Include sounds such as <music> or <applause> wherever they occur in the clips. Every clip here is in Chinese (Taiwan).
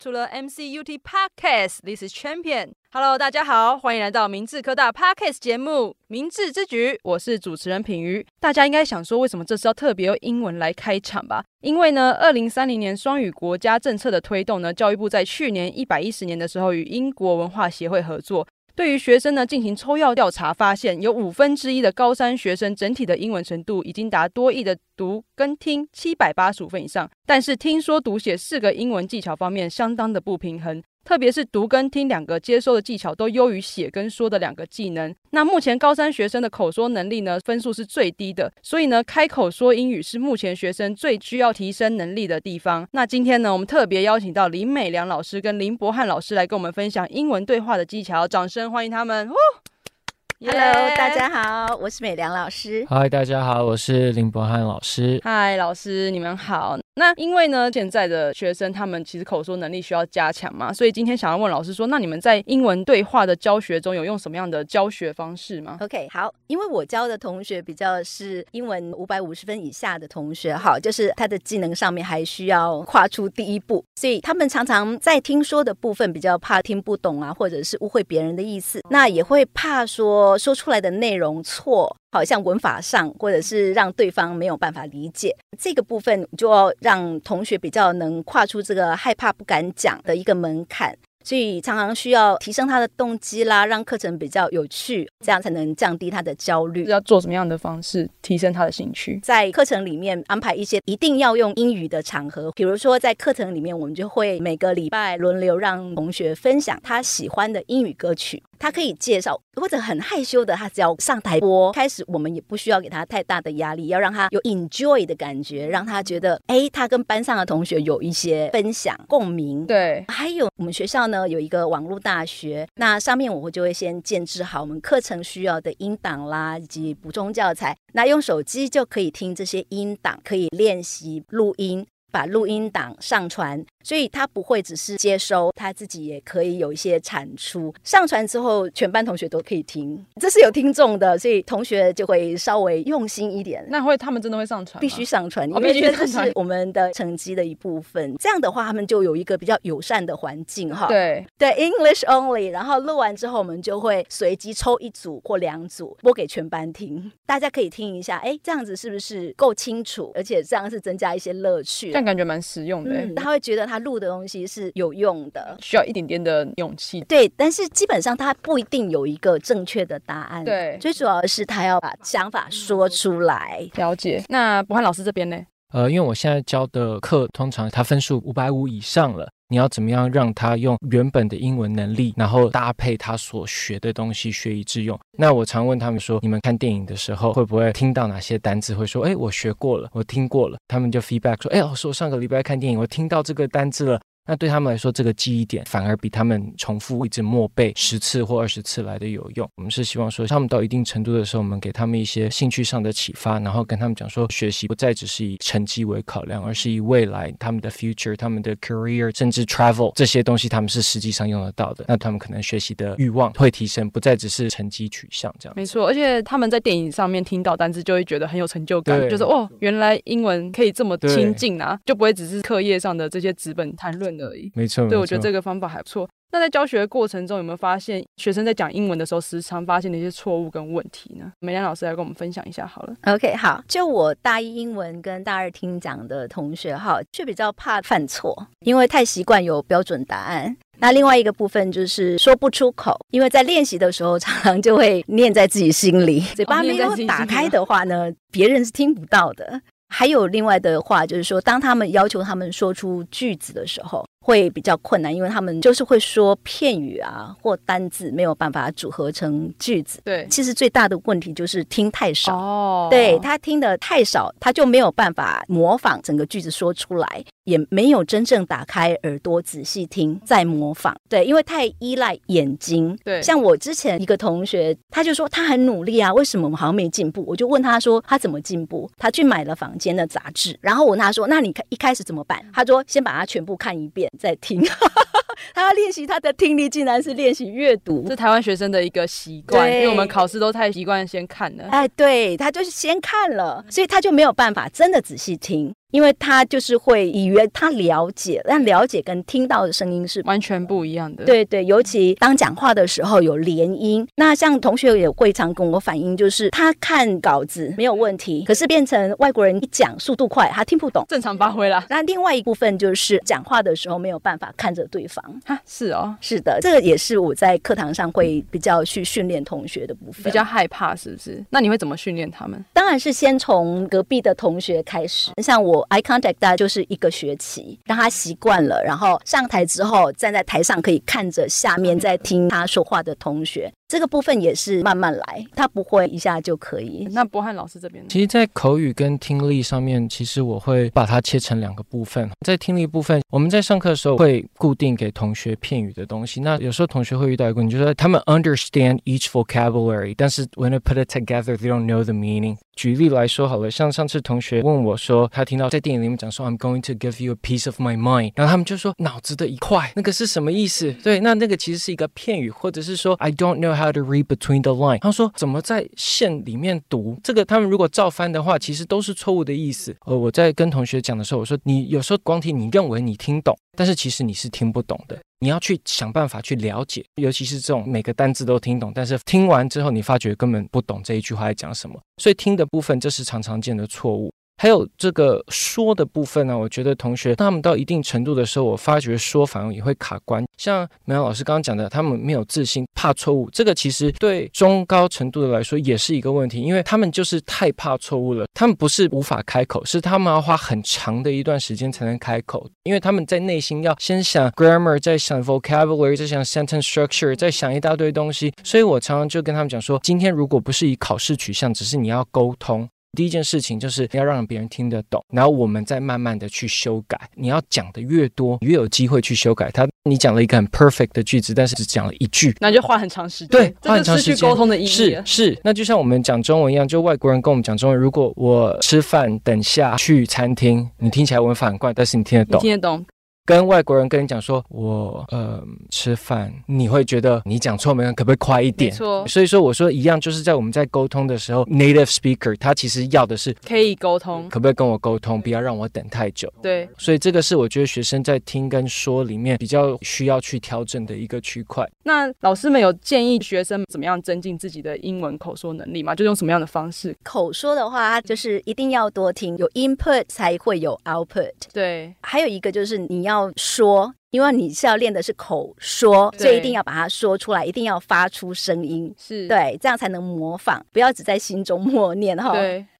除了 M C U T Podcast，This is Champion。Hello，大家好，歡迎來到明志科大 Podcast 節目《明志之舉》，我是主持人品妤。大家應該想說，為什麼這次要特別用英文來開場吧？因為呢，二零三零年雙語國家政策的推動呢，教育部在去年一百一十年的時候，與英國文化協會合作。對於學生呢，進行抽樣調查，發現有五分之一的高三學生整體的英文程度已經達多益的讀跟聽七百八十五分以上，但是聽說讀寫四個英文技巧方面相當的不平衡。特別是讀跟聽兩個接收的技巧都優於寫跟說的兩個技能。那目前高三學生的口說能力呢，分數是最低的，所以呢，開口說英語是目前學生最需要提升能力的地方。那今天呢，我們特別邀請到林美良老師跟林柏翰老師來跟我們分享英文對話的技巧，掌聲歡迎他們！哦，Hello，大家好，我是美良老師。Hi，大家好，我是林柏翰老師。Hi，老師，你們好。那因為呢，現在的學生他們其實口說能力需要加強嘛，所以今天想要問老師說，那你們在英文對話的教學中有用什麼樣的教學方式嗎？OK，好，因為我教的同學比較是英文五百五十分以下的同學，好，就是他的技能上面還需要跨出第一步，所以他們常常在聽說的部分比較怕聽不懂啊，或者是誤會別人的意思，那也會怕說說出來的內容錯。好像文法上，或者是讓對方沒有辦法理解這個部分，就要讓同學比較能跨出這個害怕不敢講的一個門檻，所以常常需要提升他的動機啦，讓課程比較有趣，這樣才能降低他的焦慮。要做什麼樣的方式提升他的興趣？在課程裡面安排一些一定要用英語的場合，比如說在課程裡面，我們就會每個禮拜輪流讓同學分享他喜歡的英語歌曲。他可以介紹，或者很害羞的，他只要上台播。開始我們也不需要給他太大的壓力，要讓他有 enjoy 的感覺，讓他覺得，哎，他跟班上的同學有一些分享，共鳴。對，還有我們學校呢，有一個網絡大學，那上面我會就會先建置好我們課程需要的音檔啦，以及補充教材。那用手機就可以聽這些音檔，可以練習錄音，把錄音檔上傳。所以他不會只是接收，他自己也可以有一些產出。上傳之後，全班同學都可以聽，這是有聽眾的，所以同學就會稍微用心一點。那會他們真的會上傳？必須上傳，我必須上傳，因為這是我們的成績的一部分、哦。這樣的話，他們就有一個比較友善的環境哈。對對，English only。然後錄完之後，我們就會隨機抽一組或兩組播給全班聽，大家可以聽一下，哎、欸，這樣子是不是夠清楚？而且這樣是增加一些樂趣，但感覺蠻實用的、欸嗯。他會覺得他。錄的東西是有用的，需要一點點的勇氣。對，但是基本上他不一定有一個正確的答案。對，最主要的是他要把想法說出來。嗯，了解。那柏翰老師這邊呢？呃，因為我現在教的課通常他分數五百五以上了，你要怎麼樣讓他用原本的英文能力，然後搭配他所學的東西學以致用。那我常問他們說，你們看電影的時候會不會聽到哪些單字，會說，哎，我學過了，我聽過了。他們就 feedback 說，哎，老師，我上個禮拜看電影，我聽到這個單字了。那對他們來說，這個記憶點反而比他們重複一直默背十次或二十次來的有用。我們是希望說，他們到一定程度的時候，我們給他們一些興趣上的啟發，然後跟他們講說，學習不再只是以成績為考量，而是以未來他們的 future、他們的 career、甚至 travel 這些東西，他們是實際上用得到的。那他們可能學習的慾望會提升，不再只是成績取向這樣。沒錯，而且他們在電影上面聽到單詞，就會覺得很有成就感，就是哦，原來英文可以這麼親近啊，就不會只是課業上的這些紙本談論。沒錯。對，我覺得這個方法還不錯。那在教學過程中，有沒有發現學生在講英文的時候，時常發現的一些錯誤跟問題呢？美良老師來跟我們分享一下好了。OK，好。就我大一英文跟大二聽講的同學哈，卻比較怕犯錯，因為太習慣有標準答案。那另外一個部分就是說不出口，因為在練習的時候，常常就會念在自己心裡，嘴巴沒有打開的話呢，別人是聽不到的。還有另外的話，就是說，當他們要求他們說出句子的時候，會比較困難，因為他們就是會說片語啊或單字，沒有辦法組合成句子。對，其實最大的問題就是聽太少。哦，對他聽得太少，他就沒有辦法模仿整個句子說出來，也沒有真正打開耳朵仔細聽再模仿。對，因為太依賴眼睛。對，像我之前一個同學，他就說他很努力啊，為什麼我們好像沒進步？我就問他說他怎麼進步？他去買了房間的雜誌，然後我問他說那你一開始怎麼辦？他說先把它全部看一遍。在聽， <laughs> 他要練習他的聽力，竟然是練習閱讀。是台灣學生的一個習慣，因為我們考試都太習慣先看了。哎，對，他就是先看了，所以他就沒有辦法真的仔細聽。因為他就是會以為他了解，但了解跟聽到的聲音是完全不一樣的。對對，尤其當講話的時候有連音。嗯，那像同學也會常跟我反映，就是他看稿子沒有問題，可是變成外國人一講速度快，他聽不懂，正常發揮啦。那另外一部分就是講話的時候沒有辦法看着對方。哈，是哦，是的，這個也是我在課堂上會比較去訓練同學的部分。比較害怕是不是？那你會怎麼訓練他們？當然是先從隔壁的同學開始，像我。Eye contact，大概就是一個學期，讓他習慣了，然後上台之後，站在台上，可以看着下面在聽他說話的同學。這個部分也是慢慢來，他不會一下就可以。那柏翰老師這邊，其實，在口語跟聽力上面，其實我會把它切成兩個部分。在聽力部分，我們在上課的時候會固定給同學片語的東西。那有時候同學會遇到一個問題，就是他們 understand each vocabulary，但是 when they put it together，they don't know the meaning。舉例來說好了，像上次同學問我說，他聽到在電影裡面講說 I'm going to give you a piece of my mind，然後他們就說，腦子的一塊，那個是什麼意思？對，那那個其實是一個片語，或者是說 I don't know。How to read between the line？他說怎麼在線裡面讀？這個他們如果照翻的話，其實都是錯誤的意思。呃，我在跟同學講的時候，我說你有時候光聽，你認為你聽懂，但是其實你是聽不懂的。你要去想辦法去了解，尤其是這種每個單字都聽懂，但是聽完之後你發覺根本不懂這一句話在講什麼。所以聽的部分，就是常常見的錯誤。還有這個說的部分呢、啊，我覺得同學當他們到一定程度的時候，我發覺說反而也會卡關。像美良老師剛剛講的，他們沒有自信，怕錯誤，這個其實對中高程度的來說也是一個問題，因為他們就是太怕錯誤了。他們不是無法開口，是他們要花很長的一段時間才能開口，因為他們在內心要先想 grammar，再想 vocabulary，再想 sentence structure，再想一大堆東西。所以我常常就跟他們講說，今天如果不是以考試取向，只是你要溝通。第一件事情就是你要讓別人聽得懂，然後我們再慢慢的去修改。你要講的越多，越有機會去修改它。你講了一個很 perfect 的句子，但是只講了一句，那就花很長時間，哦，對，花很長時間。失去溝通的意義。是是。那就像我們講中文一樣，就外國人跟我們講中文，如果我吃飯，等下去餐廳，你聽起來文法很怪，但是你聽得懂，聽得懂。跟外國人跟你講說，我呃、嗯、吃飯，你會覺得你講錯沒有？可不可以快一點？沒錯。所以說我說一樣，就是在我們在溝通的時候，native speaker 他其實要的是可以溝通，可不可以跟我溝通？不要讓我等太久。對。所以這個是我覺得學生在聽跟說裡面比較需要去調整的一個區塊。那老師們有建議學生怎麼樣增進自己的英文口說能力嗎？就用什麼樣的方式？口說的話就是一定要多聽，有 input 才會有 output。對。還有一個就是你要。說。因為你是要練的是口說，所以一定要把它說出來，一定要發出聲音，是對，這樣才能模仿，不要只在心中默念哈。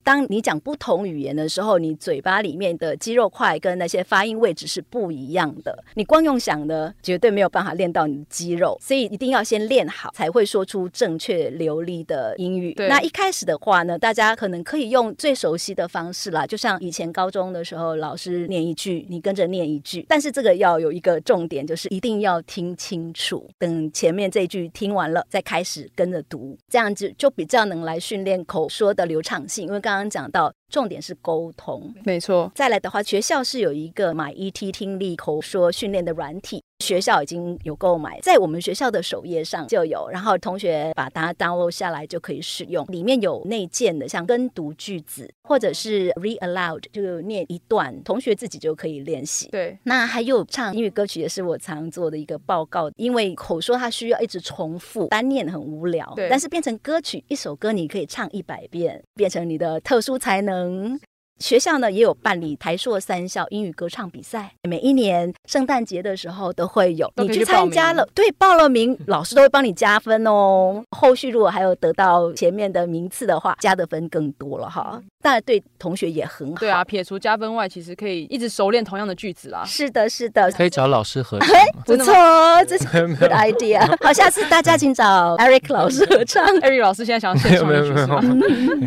當你講不同語言的時候，你嘴巴裡面的肌肉塊跟那些發音位置是不一樣的，你光用想的絕對沒有辦法練到你的肌肉，所以一定要先練好，才會說出正確流利的英語。那一開始的話呢，大家可能可以用最熟悉的方式啦，就像以前高中的時候，老師念一句，你跟着念一句，但是這個要有一個。重點就是一定要聽清楚，等前面這句聽完了再開始跟着讀，這樣子就比較能來訓練口說的流暢性。因為剛剛講到重點是溝通，沒錯。再來的話，學校是有一個 MyET 聽力口說訓練的軟體，學校已經有購買，在我們學校的首頁上就有，然後同學把它 download 下來就可以使用。裡面有內建的，像跟讀句子，或者是 read aloud，就念一段，同學自己就可以練習。對，那還有唱英語歌曲，也是我常做的一個報告，因為口說它需要一直重複，單念很無聊。對，但是變成歌曲，一首歌你可以唱一百遍，變成你的特殊才能。學校呢也有辦理台塑三校英語歌唱比賽，每一年聖誕節的時候都會有都。你去參加了，對，報了名，老師都會幫你加分哦。後續如果還有得到前面的名次的話， <laughs> 加的分更多了哈。當然對同學也很好。對啊，撇除加分外，其實可以一直熟練同樣的句子啦。是的，是的，可以找老師合唱。不錯、哦，這是 good idea。 <laughs> 的嗎 <laughs> 好，下次大家請找 Eric 老師合唱。 <laughs> <laughs> <laughs> Eric 老師現在想說一句什麼？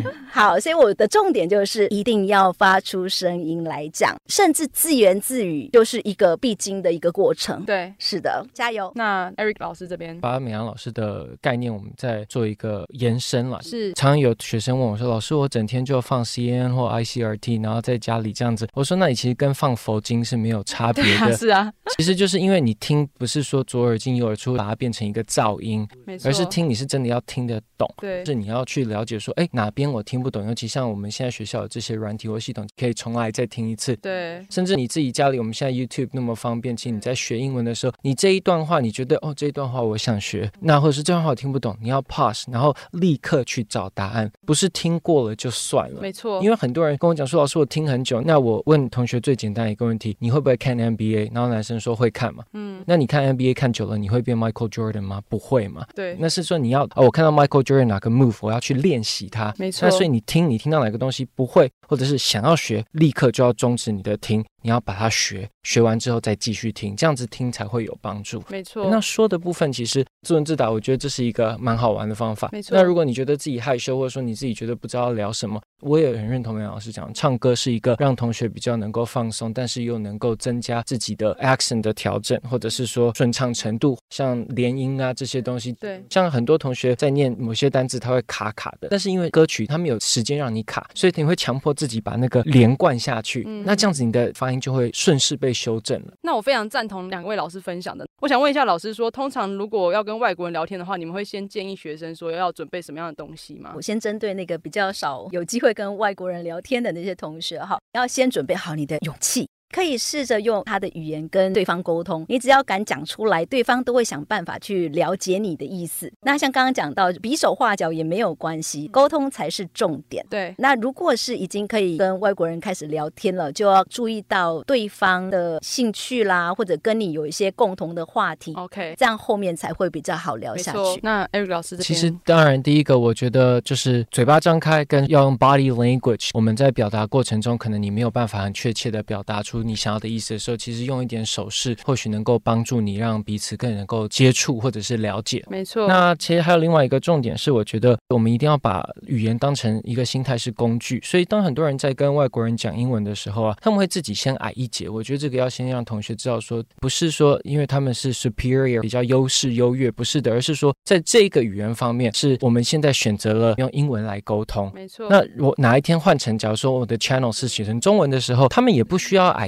<laughs> <laughs> <laughs> 好，所以我的重點就是一定要。要發出聲音來講，甚至自言自語，就是一個必經的一個過程。對，是的，加油。那 Eric 老師這邊把美良老師的概念，我們再做一個延伸了。是，常有學生問我說：“老師，我整天就放 C N 或 I C R T，然後在家裡這樣子。”我說：“那你其實跟放佛經是沒有差別的。啊”是啊， <laughs> 其實就是因為你聽，不是說左耳進右耳出，把它變成一個噪音，而是聽你是真的要聽得懂。對，是你要去了解說：“哎，哪邊我聽不懂？”尤其像我們現在學校的這些軟體系統可以重來再聽一次，對，甚至你自己家裡，我們現在 YouTube 那麼方便。請你在學英文的時候，你這一段話，你覺得哦這一段話我想學，那或者是這段話我聽不懂，你要 pause，然後立刻去找答案，不是聽過了就算了。沒錯，因為很多人跟我講說，老師我聽很久。那我問同學最簡單一個問題，你會不會看 NBA？然後男生說會看嘛，嗯。那你看 NBA 看久了，你會變 Michael Jordan 嗎？不會嘛。對，那是說你要哦，我看到 Michael Jordan 那個 move，我要去練習它。沒錯，那所以你聽你聽到哪個東西不會，或者是。想要學，立刻就要終止你的聽。你要把它學學完之後再繼續聽，這樣子聽才會有幫助。沒錯。哎，那說的部分其實自問自答，我覺得這是一個蠻好玩的方法。沒錯。那如果你覺得自己害羞，或者說你自己覺得不知道聊什麼，我也很認同美老師講，唱歌是一個讓同學比較能夠放鬆，但是又能夠增加自己的 accent 的調整，或者是說順暢程度，像連音啊這些東西。對。像很多同學在念某些單詞，他會卡卡的，但是因為歌曲，他沒有時間讓你卡，所以你會強迫自己把那個連貫下去。嗯，嗯。那這樣子你的發現就會順勢被修正了。那我非常贊同兩位老師分享的。我想問一下老師說，通常如果要跟外國人聊天的話，你們會先建議學生說要準備什麼樣的東西嗎？我先針對那個比較少有機會跟外國人聊天的那些同學哈，要先準備好你的勇氣。可以試着用他的語言跟對方溝通，你只要敢講出來，對方都會想辦法去了解你的意思。那像剛剛講到，比手畫腳也沒有關係，溝通才是重點。對，那如果是已經可以跟外國人開始聊天了，就要注意到對方的興趣啦，或者跟你有一些共同的話題。OK，這樣後面才會比較好聊下去。那 Eric 老師，其實當然第一個，我覺得就是嘴巴張開，跟要用 body language。我們在表達過程中，可能你沒有辦法很確切的表達出。你想要的意思的時候，其實用一點手勢，或許能夠幫助你讓彼此更能夠接觸或者是了解。沒錯。那其實還有另外一個重點是，我覺得我們一定要把語言當成一個心態是工具。所以當很多人在跟外國人講英文的時候啊，他們會自己先矮一截。我覺得這個要先讓同學知道說，說不是說因為他們是 superior 比較優勢優越，不是的，而是說在這個語言方面，是我們現在選擇了用英文來溝通。沒錯。那我哪一天換成，假如說我的 channel 是寫成中文的時候，他們也不需要矮。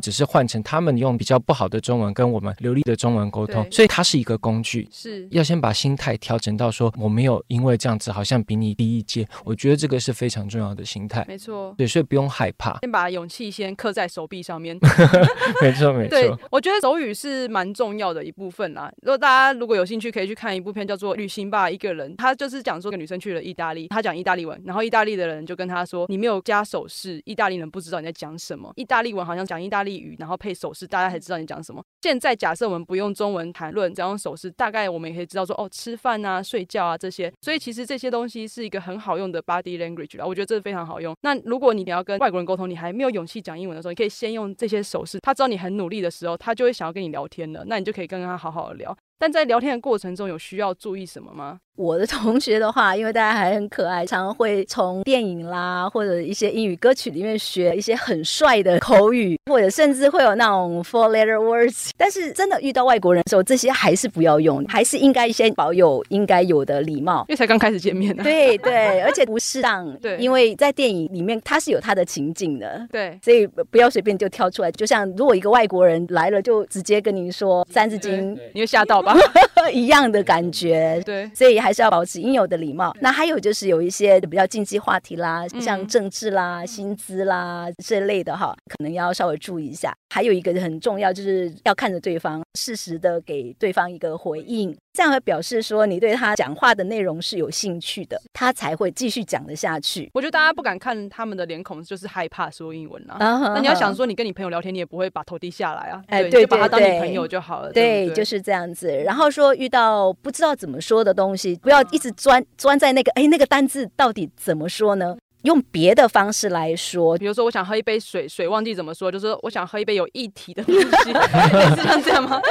只是換成他們用比較不好的中文跟我們流利的中文溝通，所以它是一個工具，是要先把心態調整到說我沒有因為這樣子好像比你低一階，我覺得這個是非常重要的心態。沒錯，對，所以不用害怕，先把勇氣先刻在手臂上面。 <laughs> <laughs> 沒錯沒錯，對，我覺得手語是蠻重要的一部分啦、啊。如果大家如果有興趣，可以去看一部片叫做《旅行吧一個人》，他就是講說一個女生去了意大利，他講意大利文，然後意大利的人就跟他說你沒有加手勢，意大利人不知道你在講什麼，意大利文好像講意大利。然後配手勢，大家才知道你講什麼。現在假設我們不用中文談論，只要用手勢，大概我們也可以知道說哦，吃飯啊、睡覺啊這些。所以其實這些東西是一個很好用的 body language 啦我覺得這是非常好用。那如果你要跟外國人溝通，你還沒有勇氣講英文的時候，你可以先用這些手勢。他知道你很努力的時候，他就會想要跟你聊天了。那你就可以跟跟他好好的聊。但在聊天的過程中，有需要注意什麼嗎？我的同學的話，因為大家還很可愛，常常會從電影啦或者一些英語歌曲裡面學一些很帥的口語，或者甚至會有那種 four letter words。但是真的遇到外國人的時候，這些還是不要用，還是應該先保有應該有的禮貌，因為才剛開始見面、啊對，對對， <laughs> 而且不適當。對，因為在電影裡面他是有他的情景的，對，所以不要隨便就挑出來。就像如果一個外國人來了，就直接跟您說三字經，你就嚇到吧。 <laughs> <laughs> 一樣的感覺，對，所以還是要保持應有的禮貌。那還有就是有一些比較禁忌話題啦，像政治啦、嗯、薪資啦這類的哈，可能要稍微注意一下。還有一個很重要就是要看着對方，適時的給對方一個回應。這樣會表示說，你對他講話的內容是有興趣的，他才會繼續講得下去。我覺得大家不敢看他們的臉孔，就是害怕說英文了、啊。Uh -huh. 那你要想說，你跟你朋友聊天，你也不會把頭低下來啊。哎、uh -huh.，你就把他當你朋友就好了對對對。對，就是這樣子。然後說遇到不知道怎麼說的東西，不要一直鑽鑽、uh -huh. 在那個，哎、欸，那個單字到底怎麼說呢？用別的方式來說，比如說，我想喝一杯水，水忘記怎麼說，就是我想喝一杯有液體的東西，是 <laughs> <laughs> 這樣嗎？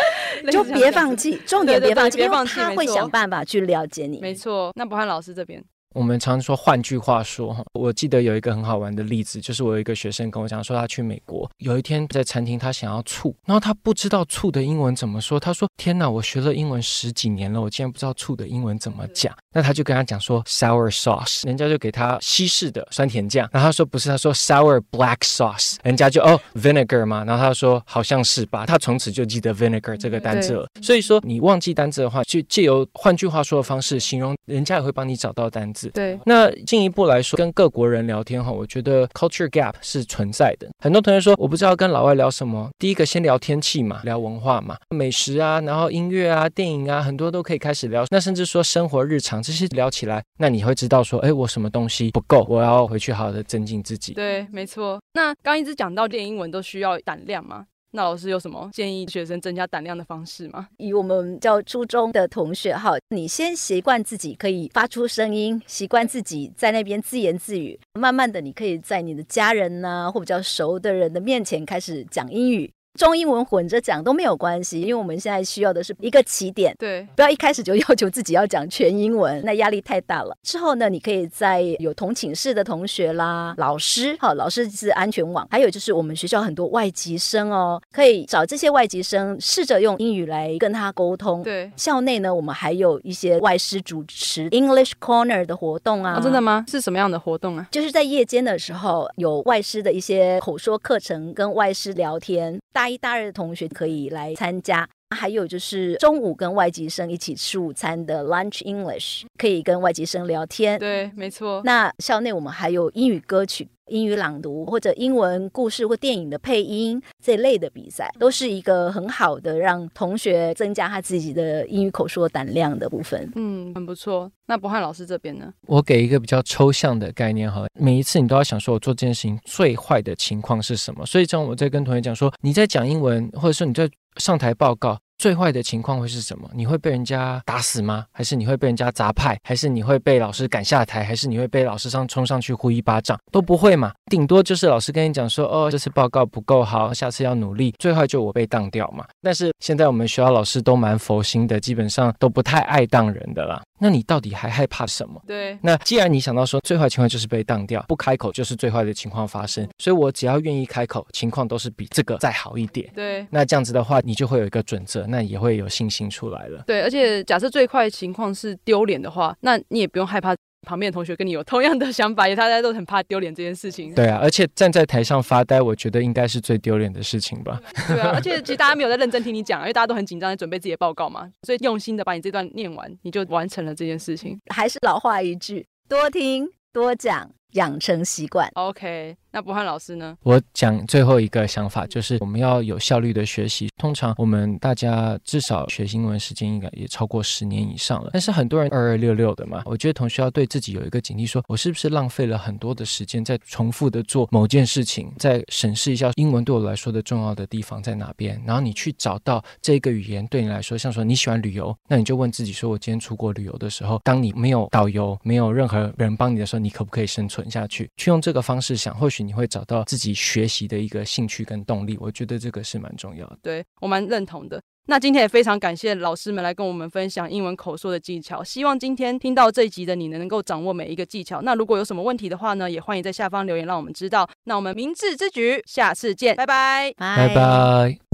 就別放棄， <laughs> 重點別放棄，因為他會想辦法去了解你。沒錯，那柏翰老師這邊。我們常說，換句話說，我記得有一個很好玩的例子，就是我有一個學生跟我講說，他去美國，有一天在餐廳，他想要醋，然後他不知道醋的英文怎麼說。他說：“天哪，我學了英文十幾年了，我竟然不知道醋的英文怎麼講。”那他就跟他講說：“sour sauce”，人家就給他西式的酸甜醬。然後他說：“不是，他說 sour black sauce”，人家就哦，vinegar 嘛，然後他就說：“好像是吧。”他從此就記得 vinegar 這個單字了。所以說，你忘記單字的話，就借由換句話說的方式形容，人家也會幫你找到單字。對，那進一步來說，跟各國人聊天哈、哦，我覺得 culture gap 是存在的。很多同學說，我不知道跟老外聊什麼。第一個先聊天氣嘛，聊文化嘛，美食啊，然後音樂啊，電影啊，很多都可以開始聊。那甚至說生活日常這些聊起來，那你會知道說，哎，我什麼東西不夠，我要回去好好的增進自己。對，沒錯。那剛一直講到練英文都需要膽量嗎？那老師有什麼建議學生增加膽量的方式嗎？以我們教初中的同學哈，你先習慣自己可以發出聲音，習慣自己在那邊自言自語，慢慢的，你可以在你的家人呢、啊、或比較熟的人的面前開始講英語。中英文混着講都沒有關係，因為我們現在需要的是一個起點。對，不要一開始就要求自己要講全英文，那壓力太大了。之後呢，你可以在有同寢室的同學啦、老師，好，老師是安全網，還有就是我們學校很多外籍生哦，可以找這些外籍生試着用英語來跟他溝通。對，校內呢，我們還有一些外師主持 English Corner 的活動啊。哦，真的嗎？是什麼樣的活動啊？就是在夜間的時候有外師的一些口說課程，跟外師聊天。大一大二的同學可以來參加。還有就是中午跟外籍生一起吃午餐的 Lunch English，可以跟外籍生聊天。對，沒錯。那校內我們還有英語歌曲、英語朗讀或者英文故事或電影的配音這一類的比賽，都是一個很好的讓同學增加他自己的英語口說膽量的部分。嗯，很不錯。那柏翰老師這邊呢？我給一個比較抽象的概念哈，每一次你都要想說，我做這件事情最壞的情況是什麼。所以，這樣我在跟同學講說，你在講英文，或者說你在，上台報告，最壞的情況會是什麼？你會被人家打死嗎？還是你會被人家砸派？還是你會被老師趕下台？還是你會被老師上衝上去呼一巴掌？都不會嘛，頂多就是老師跟你講說，哦，這次報告不夠好，下次要努力。最壞就我被當掉嘛。但是現在我們學校老師都蠻佛心的，基本上都不太愛當人的啦。那你到底還害怕什麼？對，那既然你想到說最壞情況就是被當掉，不開口就是最壞的情況發生，所以我只要願意開口，情況都是比這個再好一點。對，那這樣子的話，你就會有一個準則，那也會有信心出來了。對，而且假設最壞情況是丟臉的話，那你也不用害怕。旁邊的同學跟你有同樣的想法，也大家都很怕丟臉這件事情。對啊，而且站在台上發呆，我覺得應該是最丟臉的事情吧。 <laughs> 對啊，而且其實大家沒有在認真聽你講，因為大家都很緊張在準備自己的報告嘛。所以用心的把你這段念完，你就完成了這件事情。還是老話一句，多聽多講。養成習慣，OK。那柏翰老師呢？我講最後一個想法，就是我們要有效率的學習。通常我們大家至少學英文時間應該也超過十年以上了，但是很多人二二六六的嘛。我覺得同學要對自己有一個警惕，說我是不是浪費了很多的時間在重複的做某件事情？再審視一下英文對我來說的重要的地方在哪邊，然後你去找到這個語言對你來說，像說你喜歡旅遊，那你就問自己說：我今天出國旅遊的時候，當你沒有導遊、沒有任何人幫你的時候，你可不可以生存？存下去，去用這個方式想，或許你會找到自己學習的一個興趣跟動力。我覺得這個是蠻重要的，對我蠻認同的。那今天也非常感謝老師們來跟我們分享英文口說的技巧。希望今天聽到這一集的你，能夠掌握每一個技巧。那如果有什麼問題的話呢，也歡迎在下方留言讓我們知道。那我們明志之舉，下次見，拜拜，拜拜。Bye bye